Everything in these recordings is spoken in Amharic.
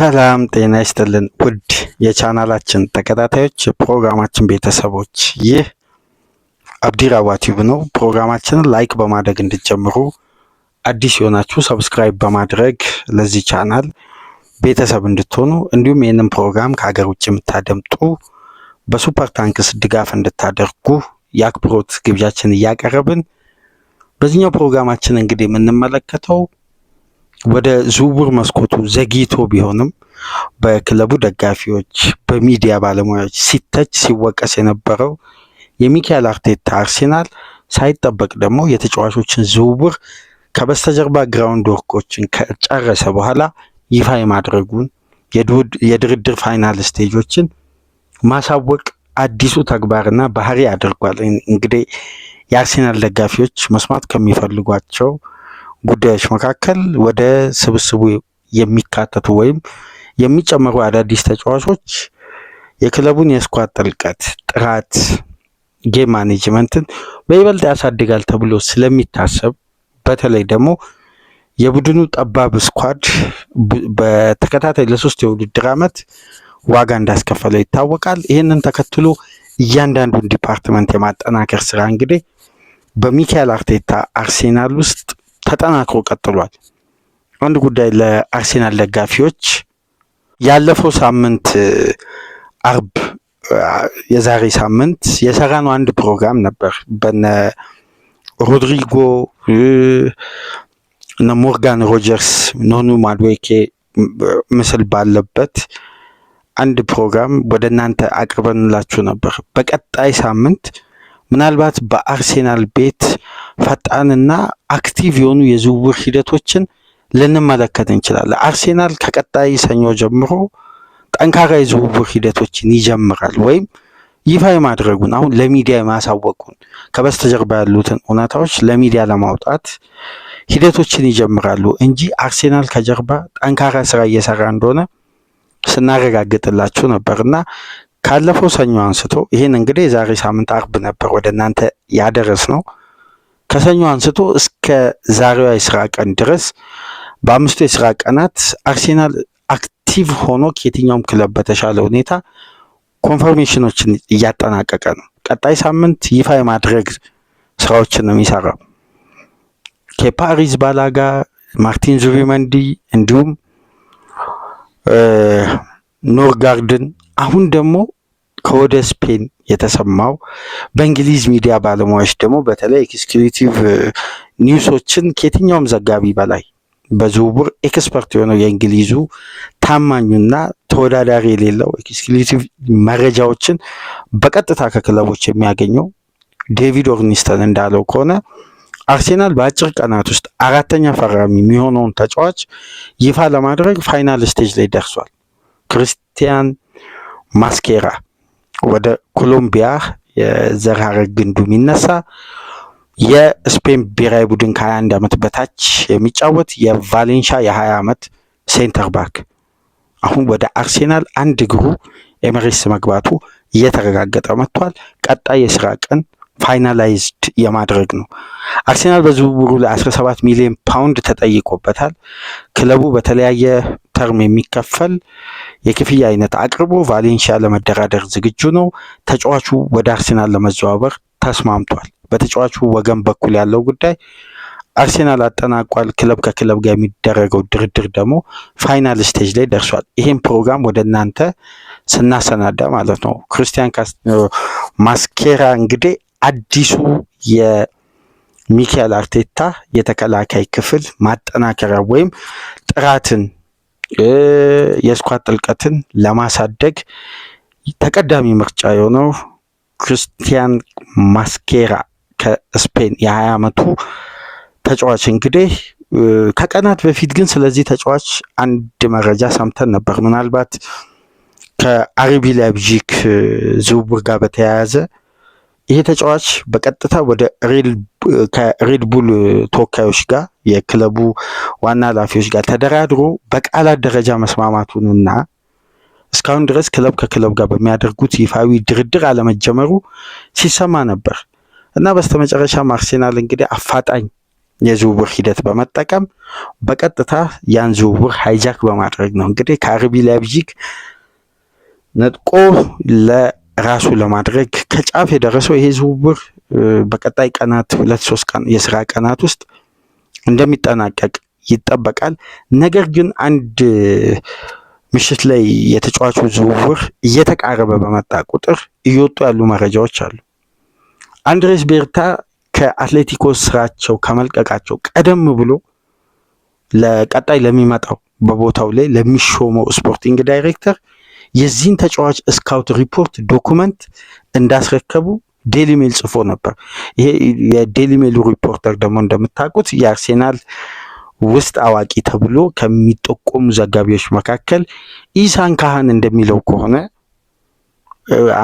ሰላም ጤና ይስጥልን ውድ የቻናላችን ተከታታዮች የፕሮግራማችን ቤተሰቦች፣ ይህ አብዲራዋ ቲዩብ ነው። ፕሮግራማችንን ላይክ በማድረግ እንድትጀምሩ አዲስ የሆናችሁ ሰብስክራይብ በማድረግ ለዚህ ቻናል ቤተሰብ እንድትሆኑ እንዲሁም ይህንን ፕሮግራም ከሀገር ውጭ የምታደምጡ በሱፐር ታንክስ ድጋፍ እንድታደርጉ የአክብሮት ግብዣችን እያቀረብን በዚህኛው ፕሮግራማችን እንግዲህ የምንመለከተው ወደ ዝውውር መስኮቱ ዘግይቶ ቢሆንም በክለቡ ደጋፊዎች፣ በሚዲያ ባለሙያዎች ሲተች ሲወቀስ የነበረው የሚካኤል አርቴታ አርሴናል ሳይጠበቅ ደግሞ የተጫዋቾችን ዝውውር ከበስተጀርባ ግራውንድ ወርኮችን ከጨረሰ በኋላ ይፋ የማድረጉን የድርድር ፋይናል ስቴጆችን ማሳወቅ አዲሱ ተግባርና ባህሪ አድርጓል። እንግዲህ የአርሴናል ደጋፊዎች መስማት ከሚፈልጓቸው ጉዳዮች መካከል ወደ ስብስቡ የሚካተቱ ወይም የሚጨመሩ አዳዲስ ተጫዋቾች የክለቡን የስኳድ ጥልቀት፣ ጥራት፣ ጌም ማኔጅመንትን በይበልጥ ያሳድጋል ተብሎ ስለሚታሰብ በተለይ ደግሞ የቡድኑ ጠባብ ስኳድ በተከታታይ ለሶስት የውድድር ዓመት ዋጋ እንዳስከፈለው ይታወቃል። ይህንን ተከትሎ እያንዳንዱን ዲፓርትመንት የማጠናከር ስራ እንግዲህ በሚካኤል አርቴታ አርሴናል ውስጥ ተጠናክሮ ቀጥሏል። አንድ ጉዳይ ለአርሴናል ደጋፊዎች ያለፈው ሳምንት አርብ የዛሬ ሳምንት የሰራነው አንድ ፕሮግራም ነበር በነ ሮድሪጎ እነ ሞርጋን ሮጀርስ ኖኑ ማድዌኬ ምስል ባለበት አንድ ፕሮግራም ወደ እናንተ አቅርበንላችሁ ነበር። በቀጣይ ሳምንት ምናልባት በአርሴናል ቤት ፈጣንና አክቲቭ የሆኑ የዝውውር ሂደቶችን ልንመለከት እንችላለን። አርሴናል ከቀጣይ ሰኞ ጀምሮ ጠንካራ የዝውውር ሂደቶችን ይጀምራል ወይም ይፋ የማድረጉን አሁን ለሚዲያ የማሳወቁን ከበስተጀርባ ያሉትን እውነታዎች ለሚዲያ ለማውጣት ሂደቶችን ይጀምራሉ እንጂ አርሴናል ከጀርባ ጠንካራ ስራ እየሰራ እንደሆነ ስናረጋግጥላችሁ ነበር እና ካለፈው ሰኞ አንስቶ ይህን እንግዲህ የዛሬ ሳምንት አርብ ነበር ወደ እናንተ ያደረስ ነው። ከሰኞ አንስቶ እስከ ዛሬዋ የስራ ቀን ድረስ በአምስቱ የስራ ቀናት አርሴናል አክቲቭ ሆኖ ከየትኛውም ክለብ በተሻለ ሁኔታ ኮንፈርሜሽኖችን እያጠናቀቀ ነው። ቀጣይ ሳምንት ይፋ የማድረግ ስራዎችን ነው የሚሰራው። ከፓሪስ ባላጋ፣ ማርቲን ዙቢመንዲ እንዲሁም ኖርጋርድን አሁን ደግሞ ከወደ ስፔን የተሰማው በእንግሊዝ ሚዲያ ባለሙያዎች ደግሞ በተለይ ኤክስክሉቲቭ ኒውሶችን ከየትኛውም ዘጋቢ በላይ በዝውውር ኤክስፐርት የሆነው የእንግሊዙ ታማኙና ተወዳዳሪ የሌለው ኤክስክሉቲቭ መረጃዎችን በቀጥታ ከክለቦች የሚያገኘው ዴቪድ ኦርኒስተን እንዳለው ከሆነ አርሴናል በአጭር ቀናት ውስጥ አራተኛ ፈራሚ የሚሆነውን ተጫዋች ይፋ ለማድረግ ፋይናል ስቴጅ ላይ ደርሷል። ክርስቲያን ማስኬራ ወደ ኮሎምቢያ የዘር ሐረግ ግንዱ የሚነሳ የስፔን ብሔራዊ ቡድን ከ21 ዓመት በታች የሚጫወት የቫሌንሻ የ20 ዓመት ሴንተር ባክ አሁን ወደ አርሴናል አንድ እግሩ ኤምሬትስ መግባቱ እየተረጋገጠ መጥቷል። ቀጣይ የስራ ቀን ፋይናላይዝድ የማድረግ ነው። አርሴናል በዝውውሩ ለ17 ሚሊዮን ፓውንድ ተጠይቆበታል። ክለቡ በተለያየ ተርም የሚከፈል የክፍያ አይነት አቅርቦ ቫሌንሺያ ለመደራደር ዝግጁ ነው። ተጫዋቹ ወደ አርሴናል ለመዘዋወር ተስማምቷል። በተጫዋቹ ወገን በኩል ያለው ጉዳይ አርሴናል አጠናቋል። ክለብ ከክለብ ጋር የሚደረገው ድርድር ደግሞ ፋይናል ስቴጅ ላይ ደርሷል። ይህም ፕሮግራም ወደ እናንተ ስናሰናዳ ማለት ነው። ክርስቲያን ማስኬራ እንግዲህ አዲሱ የሚካኤል አርቴታ የተከላካይ ክፍል ማጠናከሪያ ወይም ጥራትን የስኳድ ጥልቀትን ለማሳደግ ተቀዳሚ ምርጫ የሆነው ክርስቲያን ማስኬራ ከስፔን የ20 ዓመቱ ተጫዋች እንግዲህ ከቀናት በፊት ግን ስለዚህ ተጫዋች አንድ መረጃ ሰምተን ነበር። ምናልባት ከአርቢ ላይፕዚግ ዝውውር ጋር በተያያዘ ይሄ ተጫዋች በቀጥታ ወደ ሬድቡል ተወካዮች ጋር የክለቡ ዋና ኃላፊዎች ጋር ተደራድሮ በቃላት ደረጃ መስማማቱንና እስካሁን ድረስ ክለብ ከክለብ ጋር በሚያደርጉት ይፋዊ ድርድር አለመጀመሩ ሲሰማ ነበር እና በስተመጨረሻ አርሴናል እንግዲህ አፋጣኝ የዝውውር ሂደት በመጠቀም በቀጥታ ያን ዝውውር ሃይጃክ በማድረግ ነው እንግዲህ ከአርቢ ላይፕዚግ ነጥቆ ለ ራሱ ለማድረግ ከጫፍ የደረሰው ይሄ ዝውውር በቀጣይ ቀናት ሁለት ሶስት ቀን የስራ ቀናት ውስጥ እንደሚጠናቀቅ ይጠበቃል። ነገር ግን አንድ ምሽት ላይ የተጫዋቹ ዝውውር እየተቃረበ በመጣ ቁጥር እየወጡ ያሉ መረጃዎች አሉ። አንድሬስ ቤርታ ከአትሌቲኮ ስራቸው ከመልቀቃቸው ቀደም ብሎ ለቀጣይ ለሚመጣው በቦታው ላይ ለሚሾመው ስፖርቲንግ ዳይሬክተር የዚህን ተጫዋች ስካውት ሪፖርት ዶኩመንት እንዳስረከቡ ዴሊ ሜል ጽፎ ነበር። ይሄ የዴሊ ሜሉ ሪፖርተር ደግሞ እንደምታውቁት የአርሴናል ውስጥ አዋቂ ተብሎ ከሚጠቆሙ ዘጋቢዎች መካከል ኢሳን ካህን እንደሚለው ከሆነ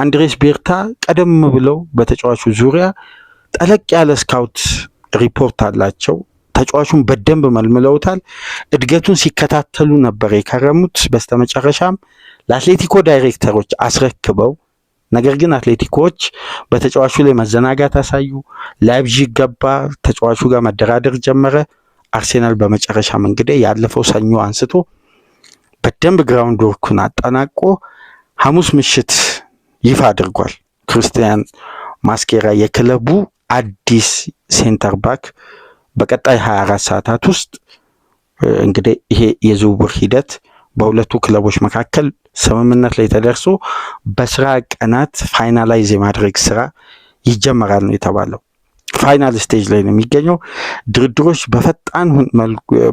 አንድሬስ ቤርታ ቀደም ብለው በተጫዋቹ ዙሪያ ጠለቅ ያለ ስካውት ሪፖርት አላቸው። ተጫዋቹን በደንብ መልምለውታል። እድገቱን ሲከታተሉ ነበር የከረሙት። በስተመጨረሻም ለአትሌቲኮ ዳይሬክተሮች አስረክበው ነገር ግን አትሌቲኮዎች በተጫዋቹ ላይ መዘናጋት አሳዩ። ላይፕዚግ ገባ፣ ተጫዋቹ ጋር መደራደር ጀመረ። አርሴናል በመጨረሻ መንግዴ ያለፈው ሰኞ አንስቶ በደንብ ግራውንድ ወርኩን አጠናቆ ሐሙስ ምሽት ይፋ አድርጓል። ክርስቲያን ማስኬራ የክለቡ አዲስ ሴንተር ባክ በቀጣይ 24 ሰዓታት ውስጥ እንግዲህ ይሄ የዝውውር ሂደት በሁለቱ ክለቦች መካከል ስምምነት ላይ ተደርሶ በስራ ቀናት ፋይናላይዝ የማድረግ ስራ ይጀመራል ነው የተባለው። ፋይናል ስቴጅ ላይ ነው የሚገኘው። ድርድሮች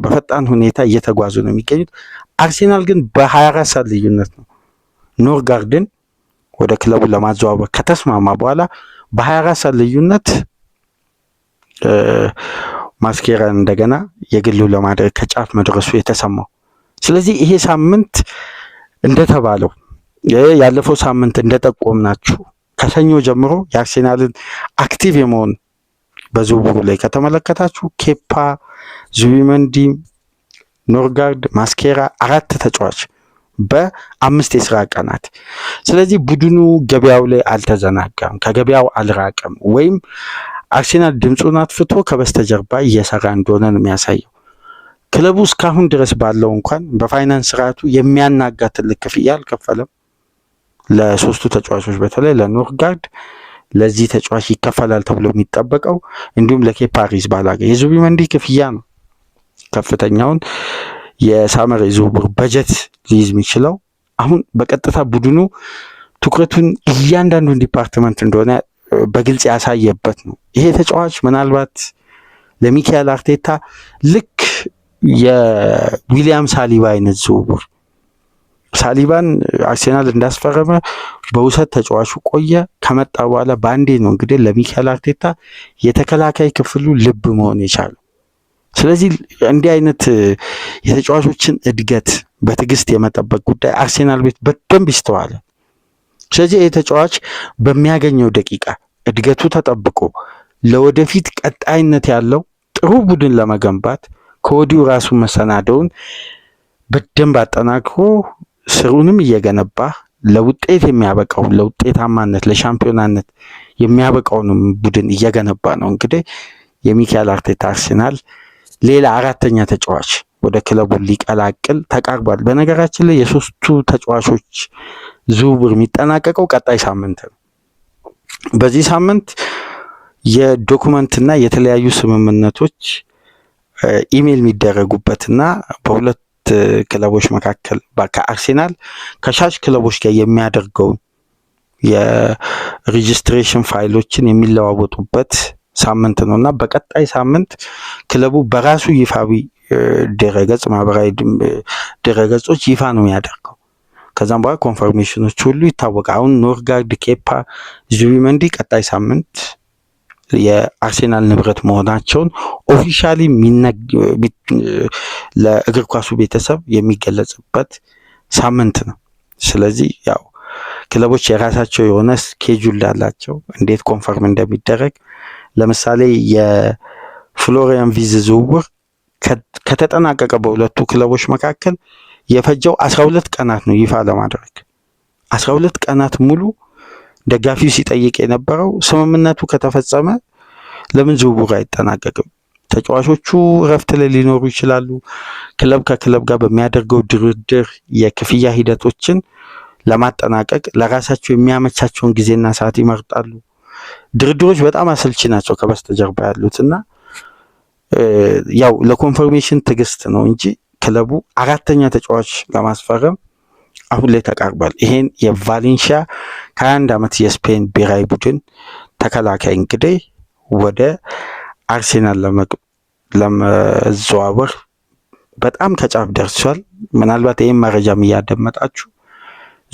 በፈጣን ሁኔታ እየተጓዙ ነው የሚገኙት። አርሴናል ግን በ24 ሰዓት ልዩነት ነው ኖርጋርድን ወደ ክለቡ ለማዘዋወር ከተስማማ በኋላ በ24 ሰዓት ልዩነት ማስኬራን እንደገና የግሉ ለማድረግ ከጫፍ መድረሱ የተሰማው። ስለዚህ ይሄ ሳምንት እንደተባለው ያለፈው ሳምንት እንደጠቆምናችሁ ከሰኞ ጀምሮ የአርሴናልን አክቲቭ የመሆን በዝውውሩ ላይ ከተመለከታችሁ ኬፓ፣ ዙቢመንዲ፣ ኖርጋርድ፣ ማስኬራ አራት ተጫዋች በአምስት የስራ ቀናት። ስለዚህ ቡድኑ ገበያው ላይ አልተዘናጋም፣ ከገበያው አልራቀም፣ ወይም አርሴናል ድምፁን አጥፍቶ ከበስተጀርባ እየሰራ እንደሆነ ነው የሚያሳየው። ክለቡ እስካሁን ድረስ ባለው እንኳን በፋይናንስ ስርዓቱ የሚያናጋ ትልቅ ክፍያ አልከፈለም። ለሶስቱ ተጫዋቾች በተለይ ለኖርጋርድ ለዚህ ተጫዋች ይከፈላል ተብሎ የሚጠበቀው እንዲሁም ለኬፓሪስ ባላገ የዙቢመንዲ ክፍያ ነው ከፍተኛውን የሳመር የዝውውር በጀት ሊይዝ የሚችለው። አሁን በቀጥታ ቡድኑ ትኩረቱን እያንዳንዱን ዲፓርትመንት እንደሆነ በግልጽ ያሳየበት ነው። ይሄ ተጫዋች ምናልባት ለሚካኤል አርቴታ ልክ የዊሊያም ሳሊባ አይነት ዝውውር ሳሊባን አርሴናል እንዳስፈረመ በውሰት ተጫዋቹ ቆየ። ከመጣ በኋላ በአንዴ ነው እንግዲህ ለሚካኤል አርቴታ የተከላካይ ክፍሉ ልብ መሆን የቻለው። ስለዚህ እንዲህ አይነት የተጫዋቾችን እድገት በትዕግስት የመጠበቅ ጉዳይ አርሴናል ቤት በደንብ ይስተዋለ። ስለዚህ ይህ ተጫዋች በሚያገኘው ደቂቃ እድገቱ ተጠብቆ ለወደፊት ቀጣይነት ያለው ጥሩ ቡድን ለመገንባት ከወዲሁ ራሱ መሰናደውን በደንብ አጠናክሮ ስሩንም እየገነባ ለውጤት የሚያበቃው ለውጤታማነት ለሻምፒዮናነት የሚያበቃውንም ቡድን እየገነባ ነው። እንግዲህ የሚካኤል አርቴታ አርሴናል ሌላ አራተኛ ተጫዋች ወደ ክለቡ ሊቀላቅል ተቃርቧል። በነገራችን ላይ የሶስቱ ተጫዋቾች ዝውውር የሚጠናቀቀው ቀጣይ ሳምንት ነው። በዚህ ሳምንት የዶኩመንትና የተለያዩ ስምምነቶች ኢሜይል እና በሁለት ክለቦች መካከል ከአርሴናል ከሻሽ ክለቦች ጋር የሚያደርገው የሬጅስትሬሽን ፋይሎችን የሚለዋወጡበት ሳምንት ነው እና በቀጣይ ሳምንት ክለቡ በራሱ ይፋዊ ድረገጽ ማህበራዊ ድረገጾች ይፋ ነው የሚያደርገው ከዛም በኋላ ኮንፈርሜሽኖች ሁሉ ይታወቃል። አሁን ኖርጋርድ፣ ኬፓ፣ ዙቢመንዲ ቀጣይ ሳምንት የአርሴናል ንብረት መሆናቸውን ኦፊሻሊ ለእግር ኳሱ ቤተሰብ የሚገለጽበት ሳምንት ነው። ስለዚህ ያው ክለቦች የራሳቸው የሆነ ስኬጁል አላቸው፣ እንዴት ኮንፈርም እንደሚደረግ ለምሳሌ የፍሎሪያን ቪዝ ዝውውር ከተጠናቀቀ በሁለቱ ክለቦች መካከል የፈጀው አስራ ሁለት ቀናት ነው ይፋ ለማድረግ አስራ ሁለት ቀናት ሙሉ ደጋፊው ሲጠይቅ የነበረው ስምምነቱ ከተፈጸመ ለምን ዝውውር አይጠናቀቅም? ተጫዋቾቹ እረፍት ላይ ሊኖሩ ይችላሉ። ክለብ ከክለብ ጋር በሚያደርገው ድርድር የክፍያ ሂደቶችን ለማጠናቀቅ ለራሳቸው የሚያመቻቸውን ጊዜና ሰዓት ይመርጣሉ። ድርድሮች በጣም አሰልቺ ናቸው ከበስተጀርባ ያሉት እና ያው ለኮንፈርሜሽን ትዕግስት ነው እንጂ ክለቡ አራተኛ ተጫዋች ለማስፈረም አሁን ላይ ተቃርቧል። ይሄን የቫሌንሺያ ከአንድ አመት ዓመት የስፔን ብሔራዊ ቡድን ተከላካይ እንግዲህ ወደ አርሴናል ለመዘዋወር በጣም ከጫፍ ደርሷል። ምናልባት ይህም መረጃም እያደመጣችሁ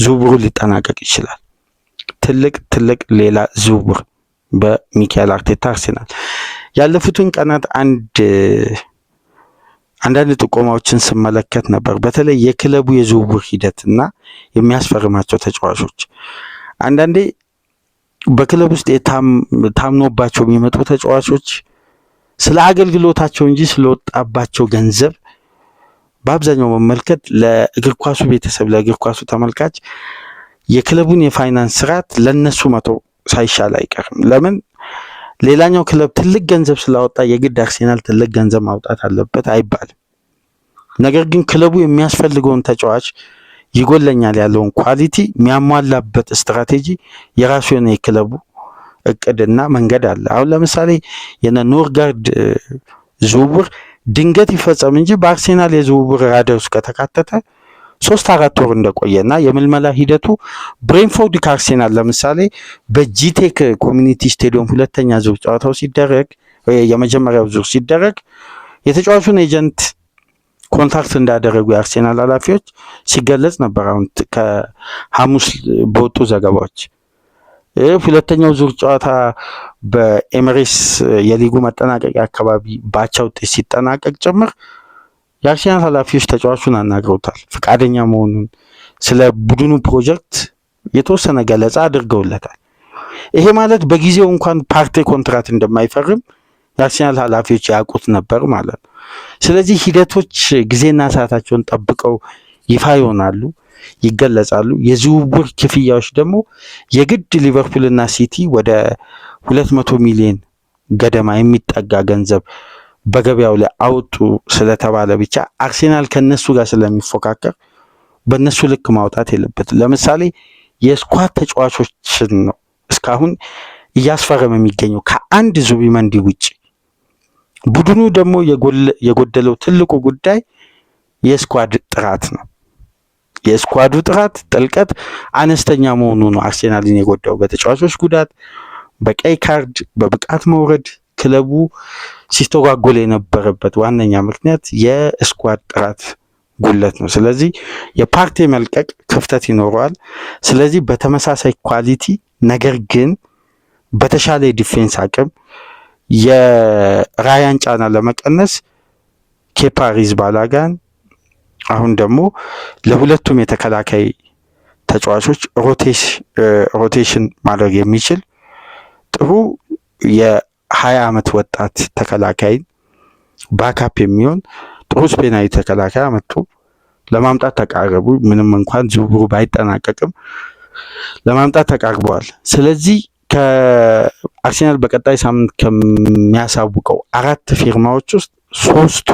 ዝውውሩ ሊጠናቀቅ ይችላል። ትልቅ ትልቅ ሌላ ዝውውር በሚካኤል አርቴታ አርሴናል። ያለፉትን ቀናት አንድ አንዳንድ ጥቆማዎችን ስመለከት ነበር። በተለይ የክለቡ የዝውውር ሂደትና የሚያስፈርማቸው ተጫዋቾች አንዳንዴ በክለብ ውስጥ ታምኖባቸው የሚመጡ ተጫዋቾች ስለ አገልግሎታቸው እንጂ ስለወጣባቸው ገንዘብ በአብዛኛው መመልከት ለእግር ኳሱ ቤተሰብ ለእግር ኳሱ ተመልካች የክለቡን የፋይናንስ ስርዓት ለነሱ መተው ሳይሻል አይቀርም። ለምን ሌላኛው ክለብ ትልቅ ገንዘብ ስላወጣ የግድ አርሴናል ትልቅ ገንዘብ ማውጣት አለበት አይባልም። ነገር ግን ክለቡ የሚያስፈልገውን ተጫዋች ይጎለኛል ያለውን ኳሊቲ የሚያሟላበት ስትራቴጂ የራሱ የሆነ የክለቡ እቅድና መንገድ አለ። አሁን ለምሳሌ የነ ኖርጋርድ ዝውውር ድንገት ይፈጸም እንጂ በአርሴናል የዝውውር ራዳር ውስጥ ከተካተተ ሶስት አራት ወር እንደቆየና የምልመላ ሂደቱ ብሬንፎርድ ከአርሴናል ለምሳሌ በጂቴክ ኮሚኒቲ ስቴዲየም ሁለተኛ ዙር ጨዋታው ሲደረግ የመጀመሪያው ዙር ሲደረግ የተጫዋቹን ኤጀንት ኮንታክት እንዳደረጉ የአርሴናል ኃላፊዎች ሲገለጽ ነበር። አሁን ከሐሙስ በወጡ ዘገባዎች ሁለተኛው ዙር ጨዋታ በኤምሬስ የሊጉ መጠናቀቂያ አካባቢ ባቻ ውጤት ሲጠናቀቅ ጭምር የአርሴናል ኃላፊዎች ተጫዋቹን አናግረውታል። ፈቃደኛ መሆኑን ስለ ቡድኑ ፕሮጀክት የተወሰነ ገለጻ አድርገውለታል። ይሄ ማለት በጊዜው እንኳን ፓርቴ ኮንትራት እንደማይፈርም የአርሴናል ኃላፊዎች ያውቁት ነበር ማለት ነው። ስለዚህ ሂደቶች ጊዜና ሰዓታቸውን ጠብቀው ይፋ ይሆናሉ፣ ይገለጻሉ። የዝውውር ክፍያዎች ደግሞ የግድ ሊቨርፑልና ሲቲ ወደ 200 ሚሊዮን ገደማ የሚጠጋ ገንዘብ በገበያው ላይ አውጡ ስለተባለ ብቻ አርሴናል ከነሱ ጋር ስለሚፎካከር በእነሱ ልክ ማውጣት የለበትም። ለምሳሌ የስኳድ ተጫዋቾችን ነው እስካሁን እያስፈረመ የሚገኘው ከአንድ ዙቢመንዲ ውጭ ቡድኑ ደግሞ የጎደለው ትልቁ ጉዳይ የስኳድ ጥራት ነው። የስኳዱ ጥራት፣ ጥልቀት አነስተኛ መሆኑ ነው አርሴናልን የጎዳው። በተጫዋቾች ጉዳት፣ በቀይ ካርድ፣ በብቃት መውረድ ክለቡ ሲስተጓጎል የነበረበት ዋነኛ ምክንያት የስኳድ ጥራት ጉለት ነው። ስለዚህ የፓርቲ መልቀቅ ክፍተት ይኖረዋል። ስለዚህ በተመሳሳይ ኳሊቲ ነገር ግን በተሻለ የዲፌንስ አቅም የራያን ጫና ለመቀነስ ኬፓ አሪዛባላጋን አሁን ደግሞ ለሁለቱም የተከላካይ ተጫዋቾች ሮቴሽን ማድረግ የሚችል ጥሩ የሀያ ዓመት ወጣት ተከላካይን ባካፕ የሚሆን ጥሩ ስፔናዊ ተከላካይ አመጡ። ለማምጣት ተቃረቡ። ምንም እንኳን ዝውውሩ ባይጠናቀቅም ለማምጣት ተቃርበዋል። ስለዚህ ከአርሴናል በቀጣይ ሳምንት ከሚያሳውቀው አራት ፊርማዎች ውስጥ ሶስቱ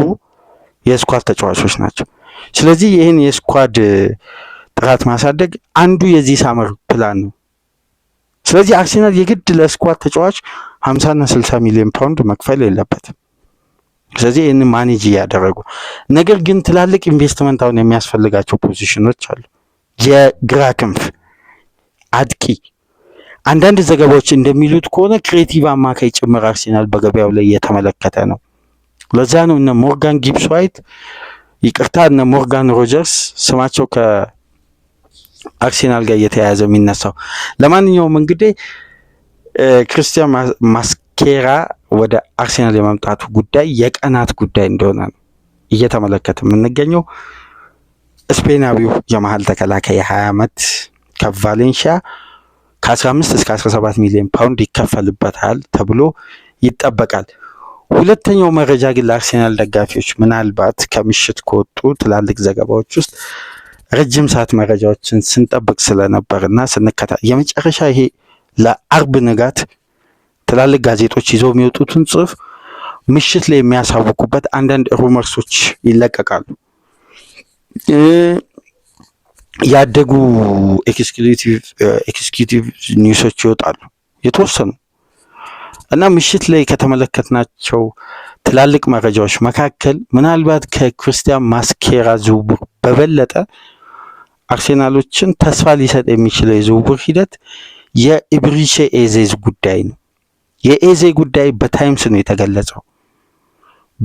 የስኳድ ተጫዋቾች ናቸው። ስለዚህ ይህን የስኳድ ጥራት ማሳደግ አንዱ የዚህ ሳመር ፕላን ነው። ስለዚህ አርሴናል የግድ ለስኳድ ተጫዋች ሀምሳና ስልሳ ሚሊዮን ፓውንድ መክፈል የለበትም። ስለዚህ ይህን ማኔጅ እያደረጉ ነገር ግን ትላልቅ ኢንቨስትመንት አሁን የሚያስፈልጋቸው ፖዚሽኖች አሉ። የግራ ክንፍ አጥቂ አንዳንድ ዘገባዎች እንደሚሉት ከሆነ ክሬቲቭ አማካይ ጭምር አርሴናል በገበያው ላይ እየተመለከተ ነው። ለዛ ነው እነ ሞርጋን ጊብስ ዋይት ይቅርታ፣ እነ ሞርጋን ሮጀርስ ስማቸው ከአርሴናል ጋር እየተያያዘ የሚነሳው። ለማንኛውም እንግዲህ ክርስቲያን ማስኬራ ወደ አርሴናል የመምጣቱ ጉዳይ የቀናት ጉዳይ እንደሆነ ነው እየተመለከተ የምንገኘው። ስፔናዊው የመሀል ተከላካይ የ ዓመት ከቫሌንሺያ ከ15 እስከ 17 ሚሊዮን ፓውንድ ይከፈልበታል ተብሎ ይጠበቃል። ሁለተኛው መረጃ ግን ለአርሴናል ደጋፊዎች ምናልባት ከምሽት ከወጡ ትላልቅ ዘገባዎች ውስጥ ረጅም ሰዓት መረጃዎችን ስንጠብቅ ስለነበርና ስንከታ የመጨረሻ ይሄ ለአርብ ንጋት ትላልቅ ጋዜጦች ይዘው የሚወጡትን ጽሑፍ ምሽት ላይ የሚያሳውቁበት አንዳንድ ሩመርሶች ይለቀቃሉ። ያደጉ ኤክስኪዩቲቭ ኒውሶች ይወጣሉ የተወሰኑ እና ምሽት ላይ ከተመለከትናቸው ትላልቅ መረጃዎች መካከል ምናልባት ከክርስቲያን ማስኬራ ዝውውር በበለጠ አርሴናሎችን ተስፋ ሊሰጥ የሚችለው የዝውውር ሂደት የኢብሪቼ ኤዜዝ ጉዳይ ነው። የኤዜ ጉዳይ በታይምስ ነው የተገለጸው።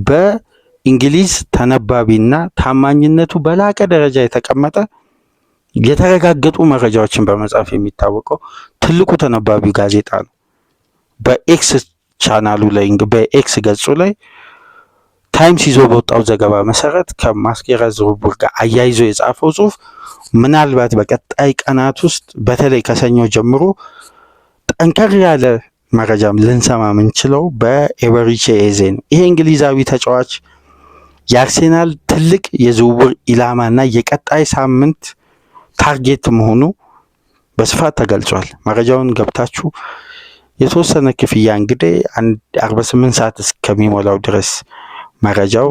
በእንግሊዝ ተነባቢና ታማኝነቱ በላቀ ደረጃ የተቀመጠ የተረጋገጡ መረጃዎችን በመጻፍ የሚታወቀው ትልቁ ተነባቢ ጋዜጣ ነው። በኤክስ ቻናሉ ላይ በኤክስ ገጹ ላይ ታይምስ ይዞ በወጣው ዘገባ መሰረት ከማስጌራ ዝውውር ጋር አያይዞ የጻፈው ጽሁፍ ምናልባት በቀጣይ ቀናት ውስጥ በተለይ ከሰኞ ጀምሮ ጠንከር ያለ መረጃም ልንሰማ የምንችለው በኤበሪቼ ኤዜ ነው። ይሄ እንግሊዛዊ ተጫዋች የአርሴናል ትልቅ የዝውውር ኢላማና የቀጣይ ሳምንት ታርጌት መሆኑ በስፋት ተገልጿል። መረጃውን ገብታችሁ የተወሰነ ክፍያ እንግዲህ 48 ሰዓት እስከሚሞላው ድረስ መረጃው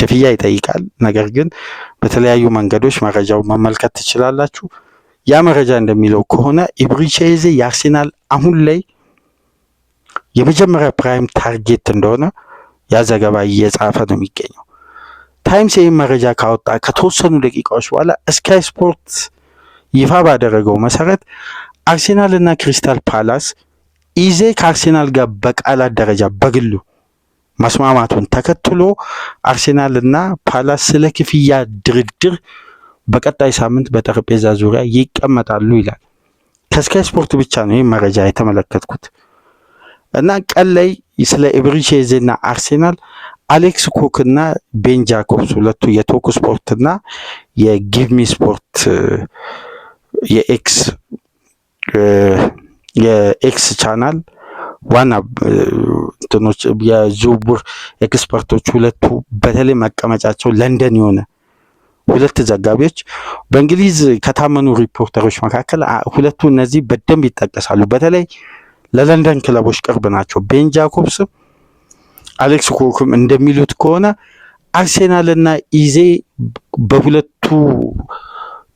ክፍያ ይጠይቃል። ነገር ግን በተለያዩ መንገዶች መረጃው መመልከት ትችላላችሁ። ያ መረጃ እንደሚለው ከሆነ ኢብሪቼዜ የአርሴናል አሁን ላይ የመጀመሪያ ፕራይም ታርጌት እንደሆነ ያ ዘገባ እየጻፈ ነው የሚገኘው። ታይምስ ይህም መረጃ ካወጣ ከተወሰኑ ደቂቃዎች በኋላ ስካይ ስፖርት ይፋ ባደረገው መሰረት አርሴናል እና ክሪስታል ፓላስ ኢዜ ከአርሴናል ጋር በቃላት ደረጃ በግሉ መስማማቱን ተከትሎ አርሴናል እና ፓላስ ስለ ክፍያ ድርድር በቀጣይ ሳምንት በጠረጴዛ ዙሪያ ይቀመጣሉ ይላል። ከስካይ ስፖርት ብቻ ነው ይህ መረጃ የተመለከትኩት እና ቀን ላይ ስለ ኢብሪቼዜና አርሴናል አሌክስ ኩክና ቤን ጃኮብስ ሁለቱ የቶክ ስፖርትና የጊቭሚ ስፖርት የኤክስ የኤክስ ቻናል ዋና እንትኖች የዝውውር ኤክስፐርቶች ሁለቱ በተለይ መቀመጫቸው ለንደን የሆነ ሁለት ዘጋቢዎች በእንግሊዝ ከታመኑ ሪፖርተሮች መካከል ሁለቱ እነዚህ በደንብ ይጠቀሳሉ። በተለይ ለለንደን ክለቦች ቅርብ ናቸው። ቤን ጃኮብስ፣ አሌክስ ኮክም እንደሚሉት ከሆነ አርሴናልና ኢዜ በሁለቱ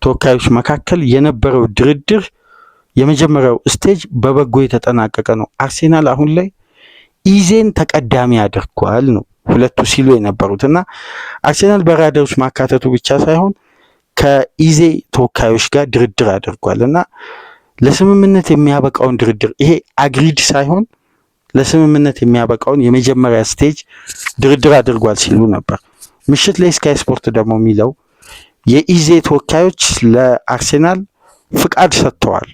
ተወካዮች መካከል የነበረው ድርድር የመጀመሪያው ስቴጅ በበጎ የተጠናቀቀ ነው። አርሴናል አሁን ላይ ኢዜን ተቀዳሚ አድርጓል ነው ሁለቱ ሲሉ የነበሩት እና አርሴናል በራዳሮች ማካተቱ ብቻ ሳይሆን ከኢዜ ተወካዮች ጋር ድርድር አድርጓል እና ለስምምነት የሚያበቃውን ድርድር ይሄ አግሪድ ሳይሆን ለስምምነት የሚያበቃውን የመጀመሪያ ስቴጅ ድርድር አድርጓል ሲሉ ነበር። ምሽት ላይ ስካይ ስፖርት ደግሞ የሚለው የኢዜ ተወካዮች ለአርሴናል ፍቃድ ሰጥተዋል።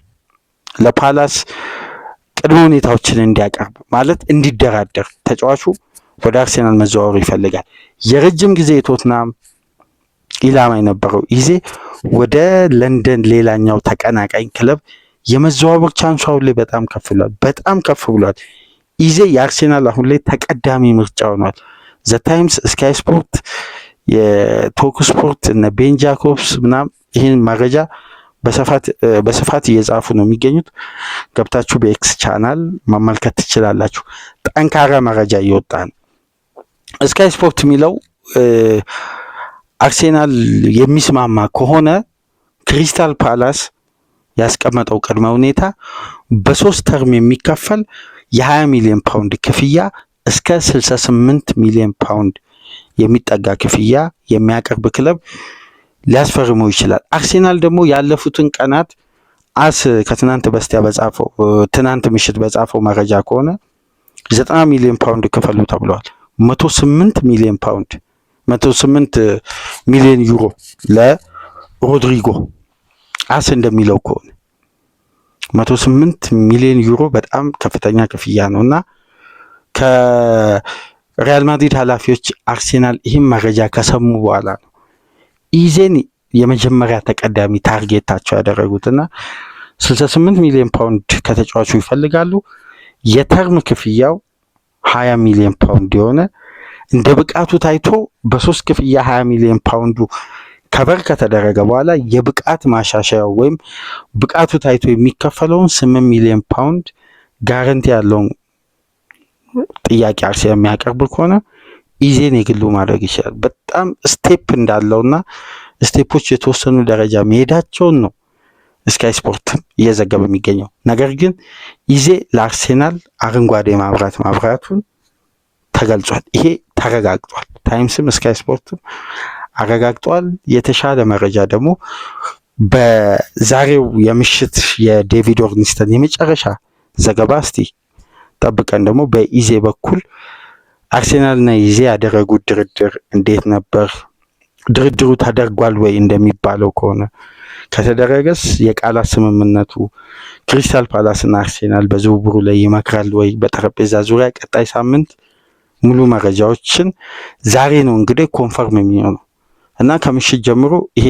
ለፓላስ ቅድመ ሁኔታዎችን እንዲያቀርብ ማለት እንዲደራደር ተጫዋቹ ወደ አርሴናል መዘዋወሩ ይፈልጋል። የረጅም ጊዜ የቶትናም ኢላማ የነበረው ኢዜ ወደ ለንደን ሌላኛው ተቀናቃኝ ክለብ የመዘዋወር ቻንሱ አሁን ላይ በጣም ከፍ ብሏል። በጣም ከፍ ብሏል። ኢዜ የአርሴናል አሁን ላይ ተቀዳሚ ምርጫ ሆኗል። ዘ ታይምስ፣ ስካይ ስፖርት ስፖርት እነ ቤን ጃኮብስ ምናምን ይህን መረጃ በስፋት እየጻፉ ነው የሚገኙት። ገብታችሁ በኤክስ ቻናል መመልከት ትችላላችሁ። ጠንካራ መረጃ እየወጣ ነው። ስካይ ስፖርት የሚለው አርሴናል የሚስማማ ከሆነ ክሪስታል ፓላስ ያስቀመጠው ቅድመ ሁኔታ በሶስት ተርም የሚከፈል የ20 ሚሊዮን ፓውንድ ክፍያ እስከ 68 ሚሊዮን ፓውንድ የሚጠጋ ክፍያ የሚያቀርብ ክለብ ሊያስፈርመው ይችላል። አርሴናል ደግሞ ያለፉትን ቀናት አስ ከትናንት በስቲያ በጻፈው ትናንት ምሽት በጻፈው መረጃ ከሆነ ዘጠና ሚሊዮን ፓውንድ ክፈሉ ተብለዋል። መቶ ስምንት ሚሊዮን ፓውንድ መቶ ስምንት ሚሊዮን ዩሮ ለሮድሪጎ አስ እንደሚለው ከሆነ መቶ ስምንት ሚሊዮን ዩሮ በጣም ከፍተኛ ክፍያ ነው እና ሪያል ማድሪድ ኃላፊዎች አርሴናል ይህም መረጃ ከሰሙ በኋላ ነው ኢዜን የመጀመሪያ ተቀዳሚ ታርጌታቸው ያደረጉትና 68 ሚሊዮን ፓውንድ ከተጫዋቹ ይፈልጋሉ። የተርም ክፍያው 20 ሚሊዮን ፓውንድ የሆነ እንደ ብቃቱ ታይቶ በሶስት ክፍያ 20 ሚሊዮን ፓውንዱ ከበር ከተደረገ በኋላ የብቃት ማሻሻያው ወይም ብቃቱ ታይቶ የሚከፈለውን 8 ሚሊዮን ፓውንድ ጋረንቲ ያለውን ጥያቄ የሚያቀርብ ከሆነ ኢዜን የግሉ ማድረግ ይችላል። በጣም ስቴፕ እንዳለውና ስቴፖች የተወሰኑ ደረጃ መሄዳቸውን ነው ስካይ ስፖርት እየዘገበ የሚገኘው። ነገር ግን ኢዜ ለአርሴናል አረንጓዴ ማብራት ማብራቱን ተገልጿል። ይሄ ተረጋግጧል። ታይምስም ስካይ ስፖርትም አረጋግጧል። የተሻለ መረጃ ደግሞ በዛሬው የምሽት የዴቪድ ኦርኒስተን የመጨረሻ ዘገባ እስቲ ጠብቀን ደግሞ በኢዜ በኩል አርሴናልና ኢዜ ያደረጉት ድርድር እንዴት ነበር? ድርድሩ ተደርጓል ወይ እንደሚባለው ከሆነ ከተደረገስ የቃላት ስምምነቱ ክሪስታል ፓላስና አርሴናል በዝውውሩ ላይ ይመክራል ወይ? በጠረጴዛ ዙሪያ ቀጣይ ሳምንት ሙሉ መረጃዎችን ዛሬ ነው እንግዲህ ኮንፈርም የሚሆነው እና ከምሽት ጀምሮ ይሄ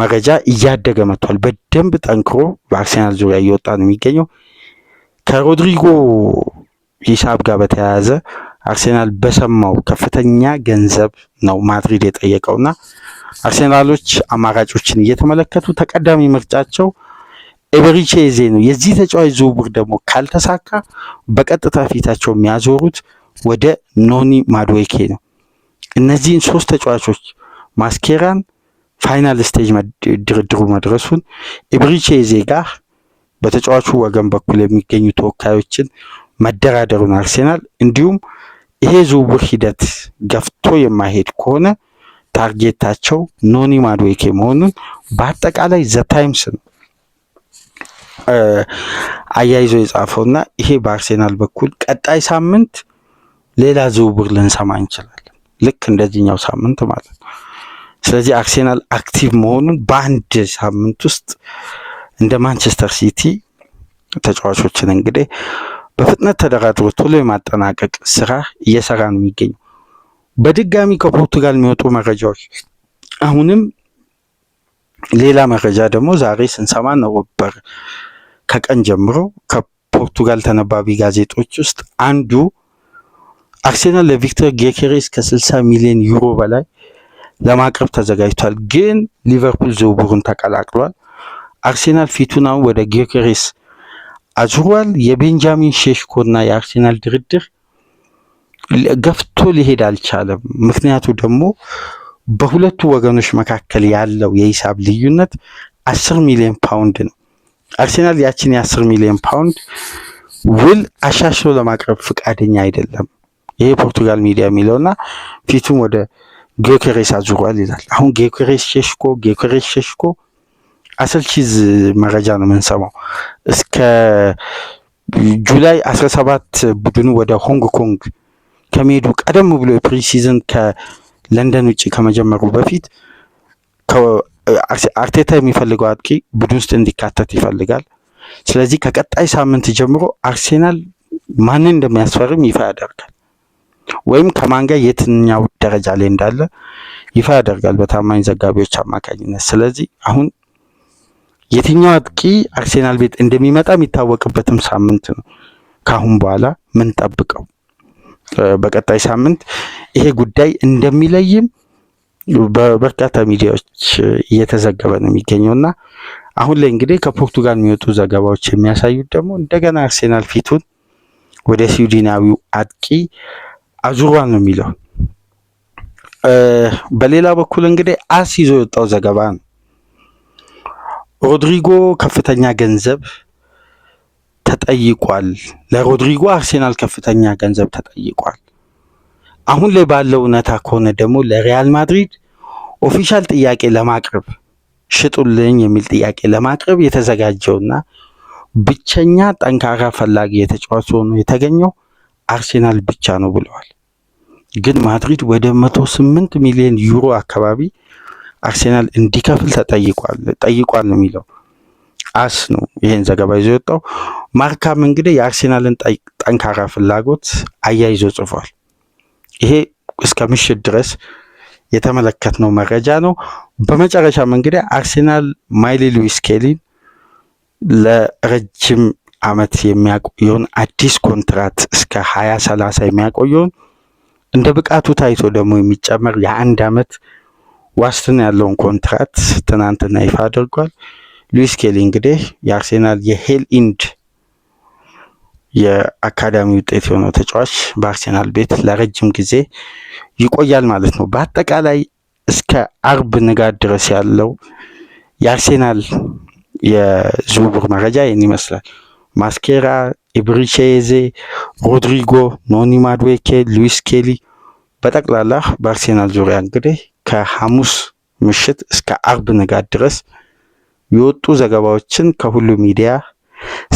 መረጃ እያደገ መጥቷል። በደንብ ጠንክሮ በአርሴናል ዙሪያ እየወጣ ነው የሚገኘው። ከሮድሪጎ ሂሳብ ጋር በተያያዘ አርሴናል በሰማው ከፍተኛ ገንዘብ ነው ማድሪድ የጠየቀውና አርሴናሎች አማራጮችን እየተመለከቱ ተቀዳሚ ምርጫቸው ኤበሪቼ ዜ ነው። የዚህ ተጫዋች ዝውውር ደግሞ ካልተሳካ በቀጥታ ፊታቸው የሚያዞሩት ወደ ኖኒ ማድዌኬ ነው። እነዚህን ሶስት ተጫዋቾች ማስኬራን ፋይናል ስቴጅ ድርድሩ መድረሱን ኤበሪቼ ዜ ጋር በተጫዋቹ ወገን በኩል የሚገኙ ተወካዮችን መደራደሩን አርሴናል እንዲሁም ይሄ ዝውውር ሂደት ገፍቶ የማይሄድ ከሆነ ታርጌታቸው ኖኒ ማድዌኬ መሆኑን በአጠቃላይ ዘ ታይምስ ነው አያይዞ የጻፈውና ይሄ በአርሴናል በኩል ቀጣይ ሳምንት ሌላ ዝውውር ልንሰማ እንችላለን። ልክ እንደዚህኛው ሳምንት ማለት ነው። ስለዚህ አርሴናል አክቲቭ መሆኑን በአንድ ሳምንት ውስጥ እንደ ማንቸስተር ሲቲ ተጫዋቾችን እንግዲህ በፍጥነት ተደራድሮ ቶሎ የማጠናቀቅ ስራ እየሰራ ነው የሚገኘው። በድጋሚ ከፖርቱጋል የሚወጡ መረጃዎች አሁንም ሌላ መረጃ ደግሞ ዛሬ ስንሰማ ነበር። ከቀን ጀምሮ ከፖርቱጋል ተነባቢ ጋዜጦች ውስጥ አንዱ አርሴናል ለቪክተር ጌኬሬስ ከ60 ሚሊዮን ዩሮ በላይ ለማቅረብ ተዘጋጅቷል፣ ግን ሊቨርፑል ዝውውሩን ተቀላቅሏል። አርሴናል ፊቱን አሁን ወደ ጊዮኬሬስ አዙሯል። የቤንጃሚን እና የአርሴናል ድርድር ገፍቶ ሊሄድ አልቻለም። ምክንያቱ ደግሞ በሁለቱ ወገኖች መካከል ያለው የሂሳብ ልዩነት አስር ሚሊዮን ፓውንድ ነው። አርሴናል ያችን የአስር ሚሊዮን ፓውንድ ውል አሻሽሎ ለማቅረብ ፈቃደኛ አይደለም። ይሄ ፖርቱጋል ሚዲያ የሚለውና ፊቱን ወደ ጊዮኬሬስ አዙሯል ይላል። አሁን ጊዮኬሬስ ሼሽኮ ጊዮኬሬስ ሼሽኮ አሰልቺ መረጃ ነው የምንሰማው። እስከ ጁላይ 17 ቡድኑ ወደ ሆንግ ኮንግ ከመሄዱ ቀደም ብሎ የፕሪሲዝን ከለንደን ውጭ ከመጀመሩ በፊት አርቴታ የሚፈልገው አጥቂ ቡድን ውስጥ እንዲካተት ይፈልጋል። ስለዚህ ከቀጣይ ሳምንት ጀምሮ አርሴናል ማንን እንደሚያስፈርም ይፋ ያደርጋል፣ ወይም ከማን ጋር የትኛው ደረጃ ላይ እንዳለ ይፋ ያደርጋል በታማኝ ዘጋቢዎች አማካኝነት። ስለዚህ አሁን የትኛው አጥቂ አርሴናል ቤት እንደሚመጣ የሚታወቅበትም ሳምንት ነው። ካሁን በኋላ ምን ጠብቀው በቀጣይ ሳምንት ይሄ ጉዳይ እንደሚለይም በበርካታ ሚዲያዎች እየተዘገበ ነው የሚገኘው እና አሁን ላይ እንግዲህ ከፖርቱጋል የሚወጡ ዘገባዎች የሚያሳዩት ደግሞ እንደገና አርሴናል ፊቱን ወደ ስዊድናዊው አጥቂ አዙሯል ነው የሚለው። በሌላ በኩል እንግዲህ አስ ይዞ የወጣው ዘገባ ነው ሮድሪጎ ከፍተኛ ገንዘብ ተጠይቋል። ለሮድሪጎ አርሴናል ከፍተኛ ገንዘብ ተጠይቋል። አሁን ላይ ባለው እውነታ ከሆነ ደግሞ ለሪያል ማድሪድ ኦፊሻል ጥያቄ ለማቅረብ ሽጡልኝ የሚል ጥያቄ ለማቅረብ የተዘጋጀውና ብቸኛ ጠንካራ ፈላጊ የተጫዋች ሆኖ የተገኘው አርሴናል ብቻ ነው ብለዋል። ግን ማድሪድ ወደ 108 ሚሊዮን ዩሮ አካባቢ አርሴናል እንዲከፍል ተጠይቋል ጠይቋል ነው የሚለው አስ ነው ይህን ዘገባ ይዞ የወጣው። ማርካም እንግዲህ የአርሴናልን ጠንካራ ፍላጎት አያይዞ ጽፏል። ይሄ እስከ ምሽት ድረስ የተመለከትነው መረጃ ነው። በመጨረሻም እንግዲህ አርሴናል ማይሊ ሉዊስ ኬሊን ለረጅም ዓመት የሚያቆየውን አዲስ ኮንትራት እስከ ሀያ ሰላሳ የሚያቆየውን እንደ ብቃቱ ታይቶ ደግሞ የሚጨመር የአንድ ዓመት ዋስትና ያለውን ኮንትራት ትናንትና ይፋ አድርጓል። ሉዊስ ኬሊ እንግዲህ የአርሴናል የሄል ኢንድ የአካዳሚ ውጤት የሆነው ተጫዋች በአርሴናል ቤት ለረጅም ጊዜ ይቆያል ማለት ነው። በአጠቃላይ እስከ አርብ ንጋት ድረስ ያለው የአርሴናል የዝውውር መረጃ ይህን ይመስላል። ማስኬራ፣ ኢብሪቼዜ፣ ሮድሪጎ፣ ኖኒ ማድዌኬ፣ ሉዊስ ኬሊ በጠቅላላ በአርሴናል ዙሪያ እንግዲህ ከሐሙስ ምሽት እስከ አርብ ንጋት ድረስ የወጡ ዘገባዎችን ከሁሉ ሚዲያ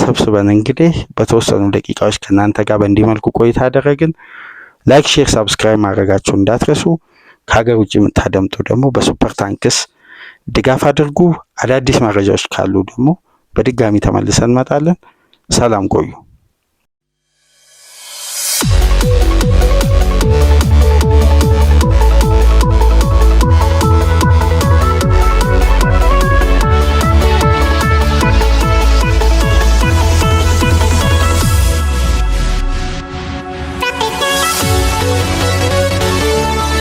ሰብስበን እንግዲህ በተወሰኑ ደቂቃዎች ከእናንተ ጋር በእንዲህ መልኩ ቆይታ ያደረግን። ላይክ፣ ሼር፣ ሳብስክራይብ ማድረጋችሁ እንዳትረሱ። ከሀገር ውጭ የምታደምጡ ደግሞ በሱፐር ታንክስ ድጋፍ አድርጉ። አዳዲስ መረጃዎች ካሉ ደግሞ በድጋሚ ተመልሰን እንመጣለን። ሰላም ቆዩ።